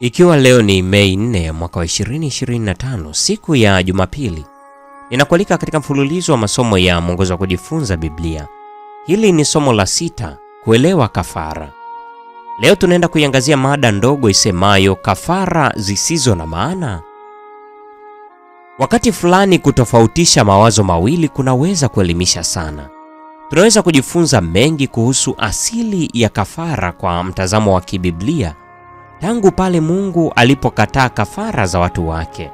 Ikiwa leo ni Mei 4 mwaka wa 2025, siku ya Jumapili, ninakualika katika mfululizo wa masomo ya mwongozo wa kujifunza Biblia. Hili ni somo la sita, kuelewa kafara. Leo tunaenda kuiangazia mada ndogo isemayo kafara zisizo na maana. Wakati fulani kutofautisha mawazo mawili kunaweza kuelimisha sana. Tunaweza kujifunza mengi kuhusu asili ya kafara kwa mtazamo wa kibiblia tangu pale Mungu alipokataa kafara za watu wake.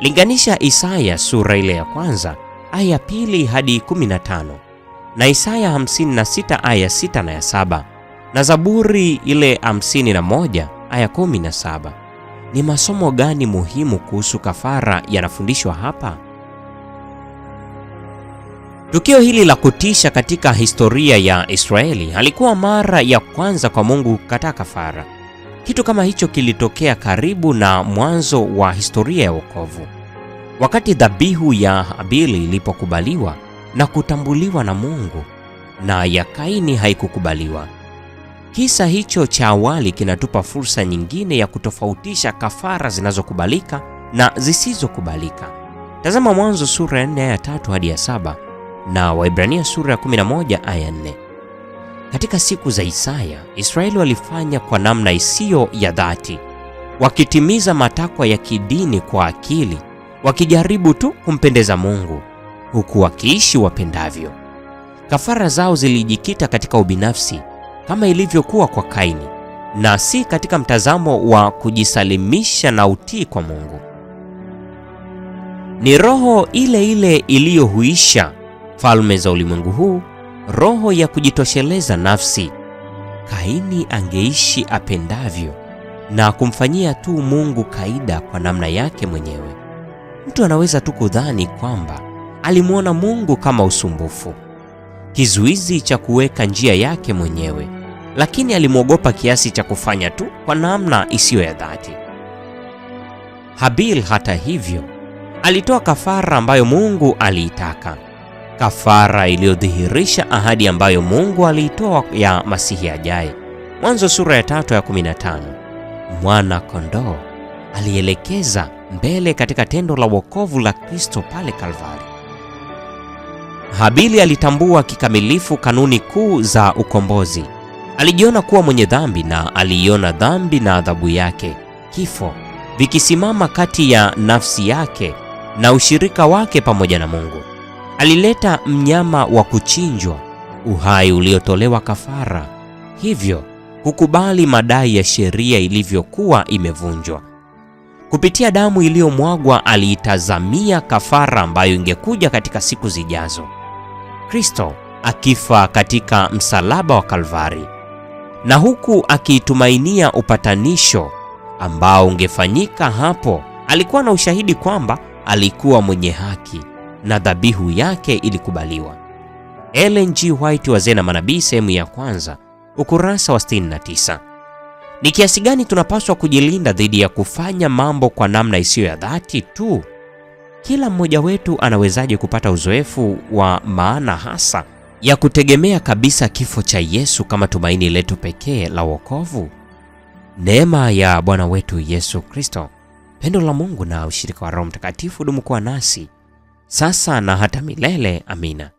Linganisha Isaya sura ile ya kwanza aya ya pili hadi 15 na Isaya 56 aya 6 na ya saba na Zaburi ile 51 aya 17. Ni masomo gani muhimu kuhusu kafara yanafundishwa hapa? Tukio hili la kutisha katika historia ya Israeli halikuwa mara ya kwanza kwa Mungu kukataa kafara. Kitu kama hicho kilitokea karibu na mwanzo wa historia ya wokovu, wakati dhabihu ya Habili ilipokubaliwa na kutambuliwa na Mungu na ya Kaini haikukubaliwa. Kisa hicho cha awali kinatupa fursa nyingine ya kutofautisha kafara zinazokubalika na zisizokubalika. Tazama Mwanzo sura ya 4 aya 3 hadi ya 7 na Waibrania sura ya 11 aya 4. Katika siku za Isaya, Israeli walifanya kwa namna isiyo ya dhati, wakitimiza matakwa ya kidini kwa akili, wakijaribu tu kumpendeza Mungu, huku wakiishi wapendavyo. Kafara zao zilijikita katika ubinafsi kama ilivyokuwa kwa Kaini, na si katika mtazamo wa kujisalimisha na utii kwa Mungu. Ni roho ile ile iliyohuisha falme za ulimwengu huu roho ya kujitosheleza nafsi, Kaini angeishi apendavyo na kumfanyia tu Mungu kaida kwa namna yake mwenyewe. Mtu anaweza tu kudhani kwamba alimwona Mungu kama usumbufu, kizuizi cha kuweka njia yake mwenyewe, lakini alimwogopa kiasi cha kufanya tu kwa namna isiyo ya dhati. Habil hata hivyo alitoa kafara ambayo Mungu aliitaka kafara iliyodhihirisha ahadi ambayo Mungu aliitoa ya Masihi ajaye. Mwanzo sura ya tatu ya 15. Mwana kondoo alielekeza mbele katika tendo la wokovu la Kristo pale Kalvari. Habili alitambua kikamilifu kanuni kuu za ukombozi. Alijiona kuwa mwenye dhambi na aliiona dhambi na adhabu yake, kifo, vikisimama kati ya nafsi yake na ushirika wake pamoja na Mungu. Alileta mnyama wa kuchinjwa, uhai uliotolewa kafara, hivyo hukubali madai ya sheria ilivyokuwa imevunjwa. Kupitia damu iliyomwagwa, aliitazamia kafara ambayo ingekuja katika siku zijazo, Kristo akifa katika msalaba wa Kalvari, na huku akiitumainia upatanisho ambao ungefanyika hapo, alikuwa na ushahidi kwamba alikuwa mwenye haki na dhabihu yake ilikubaliwa. Ellen G. White, Wazee na Manabii, sehemu ya kwanza, ukurasa wa 69. Ni kiasi gani tunapaswa kujilinda dhidi ya kufanya mambo kwa namna isiyo ya dhati tu? Kila mmoja wetu anawezaje kupata uzoefu wa maana hasa ya kutegemea kabisa kifo cha Yesu kama tumaini letu pekee la wokovu? Neema ya Bwana wetu Yesu Kristo, pendo la Mungu na ushirika wa Roho Mtakatifu dumu kuwa nasi sasa na hata milele. Amina.